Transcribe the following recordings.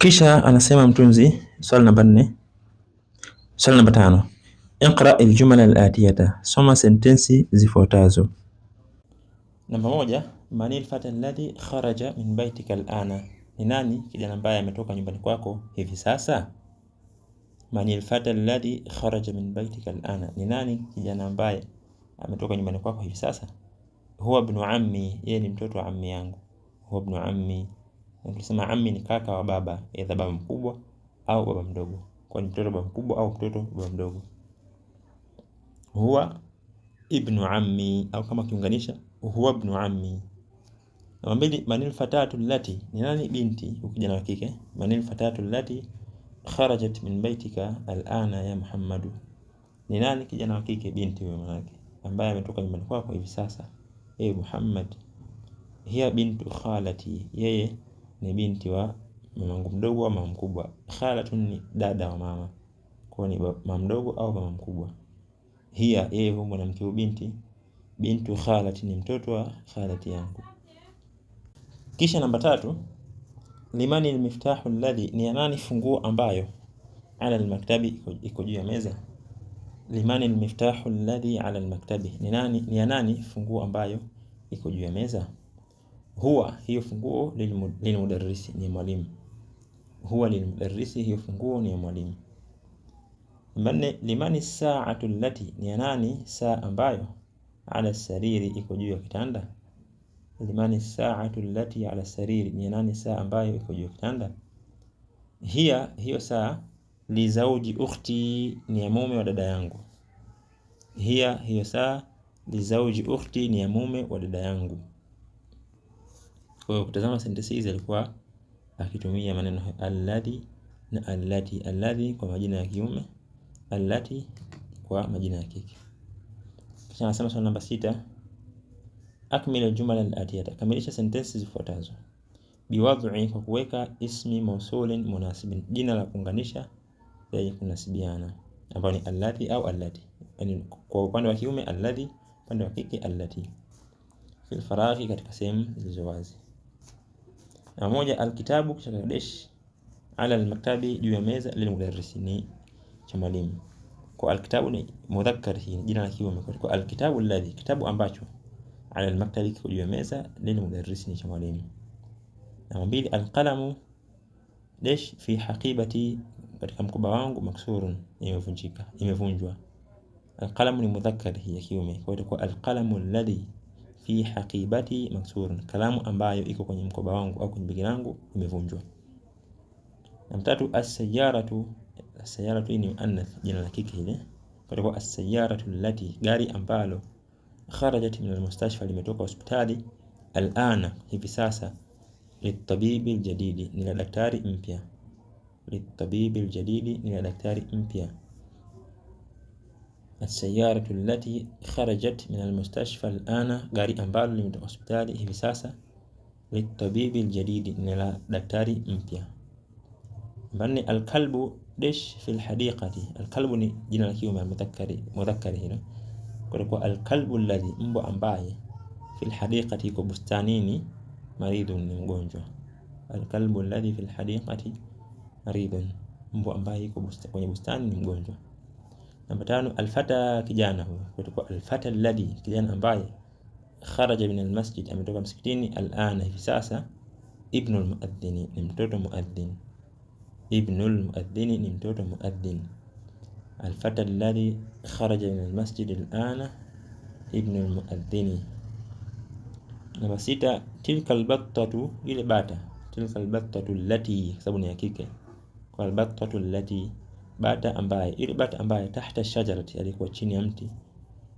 Kisha anasema mtunzi, swali namba 4, swali namba tano, iqra aljumala alatiyata, soma sentensi zifuatazo. Namba moja, man alfata alladhi kharaja min baitika alana, ni nani kijana ambaye ametoka nyumbani kwako hivi sasa? Man alfata alladhi kharaja min baitika alana, ni nani kijana ambaye ametoka nyumbani kwako hivi sasa? Huwa ibn ammi, yeye ni mtoto wa ammi yangu. Huwa ibn ammi Nikisema ammi ni kaka wa baba, aidha baba mkubwa au baba mdogo, Kwa kwani mtoto baba mkubwa au mtoto baba mdogo. Huwa ibnu ammi, au kama kiunganisha huwa ibnu ammi. Namba mbili, manil fatatu lati ni nani? Binti, ukija na kike. Manil fatatu lati kharajat min baitika alana ya Muhammadu, ni nani? Kijana wa kike, binti huyo manake, ambaye ametoka nyumbani kwako hivi sasa, e Muhammad. Hiya bintu khalati, yeye ni binti wa mamangu mdogo au mama mkubwa. khalatu ni dada wa mama, kwa ni mama mdogo au mama mkubwa. Hiya, yeye huyu mwanamke huyu binti, bintu khalati, ni mtoto wa khalati yangu. Kisha namba tatu, limani almiftahu alladhi, ni nani funguo ambayo ala almaktabi, iko juu ya meza. Limani almiftahu alladhi ala almaktabi, ni nani funguo ambayo iko juu ya meza huwa hiyo funguo lilmudarrisi, ni mwalimu. Huwa lilmudarrisi, hiyo funguo ni mwalimu. Limani saatu allati, ni nani saa ambayo, ala sariri, iko juu ya kitanda. Limani saatu allati ala sariri, ni nani saa ambayo iko juu ya kitanda. Hiya, hiyo saa lizauji ukhti, ni ya mume wa dada yangu. Hiya, hiyo saa lizauji ukhti, ni ya mume wa dada yangu. Kwa hiyo kutazama sentensi hizi alikuwa akitumia maneno alladhi na allati, alladhi kwa majina ya kiume, allati kwa majina ya kike. Kisha anasema swali namba sita, akmil aljumla alatiyata, kamilisha sentensi zifuatazo. Biwadhi, kwa kuweka ismi mausulin munasibin, jina la kuunganisha lenye kunasibiana, ambayo ni allati au allati, yani kwa upande wa kiume alladhi, upande wa kike allati. Fil faraghi, katika sehemu zilizo wazi na moja alkitabu, kisha kadesh ala almaktabi, juu ya meza, lilmudarrisi ni cha mwalimu. Kwa alkitabu ni mudhakkar, hii jina la kiume. Kwa alkitabu alladhi, kitabu ambacho, ala almaktabi, kiko juu ya meza, lilmudarrisi ni cha mwalimu. Namba mbili alqalamu dash fi haqibati, katika mkoba wangu, maksurun, imevunjika imevunjwa. Alqalamu ni mudhakkar, hii ya kiume, kwa hiyo itakuwa alqalamu alladhi fi haqibati maksurun, kalamu ambayo iko kwenye mkoba wangu au kwenye begi langu imevunjwa. Na tatu, as-sayyaratu, as-sayyaratu ni muannath, jina la kike ile, kwa hivyo as-sayyaratu allati, gari ambalo kharajat min al-mustashfa, limetoka hospitali, al-ana, hivi sasa, litabibi al-jadidi, ni la daktari mpya, litabibi al-jadidi, ni la daktari mpya السيارة التي خرجت من المستشفى الآن غاري أمبالو لمدة أسبتال إفساسة للطبيب الجديد نلا دكتور مبيا بني الكلب ديش في الحديقة دي. الكلب ني جينا لكيوم المذكري مذكري هنا كوركو الكلب الذي مبو أمباي في الحديقة كو بستانيني مريض نمغونجو الكلب الذي في الحديقة مريض مبو أمباي كو بستانيني مغونجو Namba tano, alfata, kijana huyo. Itakuwa alfata alladhi, kijana ambaye kharaja min almasjid, ametoka msikitini. Alana, hivi sasa. Ibnul muadhdhini, ni mtoto muadhdhin. Ibnul muadhdhini, ni mtoto muadhdhin. Alfata alladhi kharaja min almasjid alana ibnul muadhdhini. Namba sita, tilka albattatu, ile bata. Tilka albattatu allati, kwa sababu ni hakika, kwa albattatu allati bata ambaye ile bata ambaye tahta shajarati, alikuwa chini ya mti,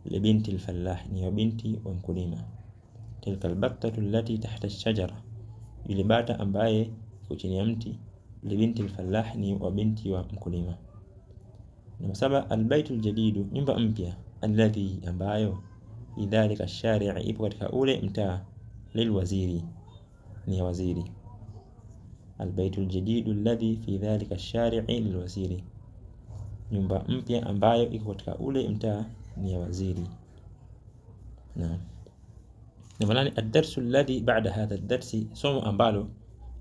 libinti alfallah, ni binti wa mkulima. Tilka albattatu allati tahta shajara, ile bata ambaye iko chini ya mti, libinti alfallah, ni wa binti wa mkulima. Namba saba, albaytu aljadidu, nyumba mpya, alladhi, ambayo idhalika sharia, ipo katika ule mtaa, lilwaziri, ni waziri. Albaytu aljadidu alladhi fi dhalika alshari'i lilwaziri nyumba mpya ambayo iko katika ule mtaa ni ya waziri. Naam. Nimalani ad-darsu alladhi ba'da hadha ad-darsi, somo ambalo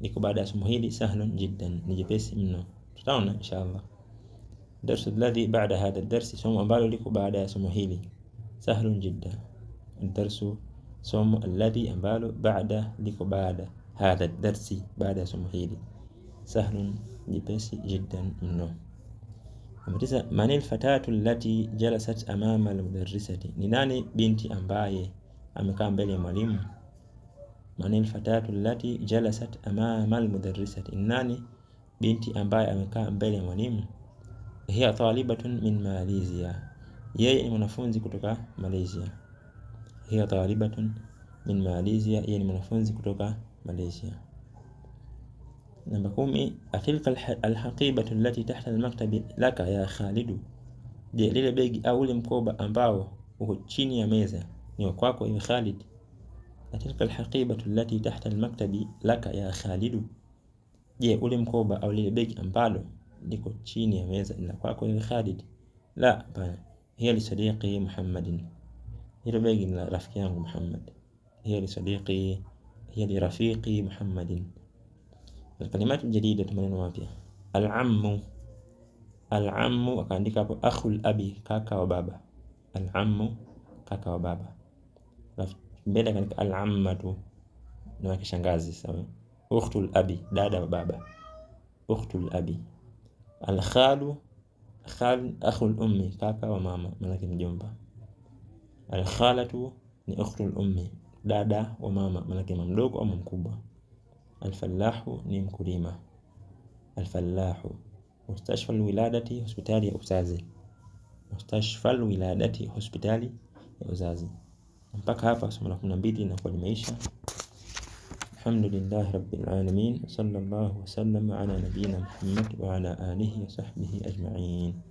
liko baada ya somo hili sahlun jiddan, ni jepesi mno. Tutaona inshallah. Darsu alladhi ba'da hadha ad-darsi, somo ambalo liko baada ya somo hili sahlun jiddan. Ad-darsu somo alladhi ambalo ba'da liko baada hadha ad-darsi, baada ya somo hili sahlun jepesi jiddan mno. tisa, manil fatatu allati jalasat amama almudarrisati, ni nani binti ambaye amekaa mbele ya mwalimu? Manil fatatu allati jalasat amama almudarrisati, ni nani binti ambaye amekaa mbele ya mwalimu? Hiya talibatun min Malaysia, yeye ni mwanafunzi kutoka Malaysia. Hiya talibatun min Malaysia, yeye ni mwanafunzi kutoka Malaysia. Namba kumi, atilka alhaqibatu allati tahta almaktabi laka ya Khalidu, je, lile begi au ule mkoba ambao uko chini ya meza ni wa kwako ya Khalid. Atilka alhaqibatu allati tahta almaktabi laka ya Khalidu, je, ule mkoba au lile begi ambalo liko chini ya meza ni la kwako ya Khalid? La, hapana, hiya li sadiqi Muhammadin, hilo begi ni la rafiki yangu Muhammad. Hiya li sadiqi, hiya li rafiqi Muhammadin Alkalimatu jadida, maneno mapya. Al-ammu, al-ammu akaandika hapo akhul abi, kaka wa baba. Al-ammu, kaka wa baba. Mbele akaandika al-ammatu, ni Sawa. Ukhtul abi, dada wa baba. Ukhtul abi. Al-khalu, khal akhul ummi, kaka wa mama, maana yake mjomba. Al-khalatu ni ukhtul ummi, dada wa mama, maana mamdogo au mkubwa. الفلاح ni mkulima الفلاح مستشفى الولادة hospitali ya uzazi مستشفى الولادة hospitali ya uzazi mpaka hapa somo la kumi na mbili inakuwa limeisha alhamdulillahi rabbil alamin sallallahu wasallam ala nabiyina muhammad wa ala alihi wa sahbihi ajma'in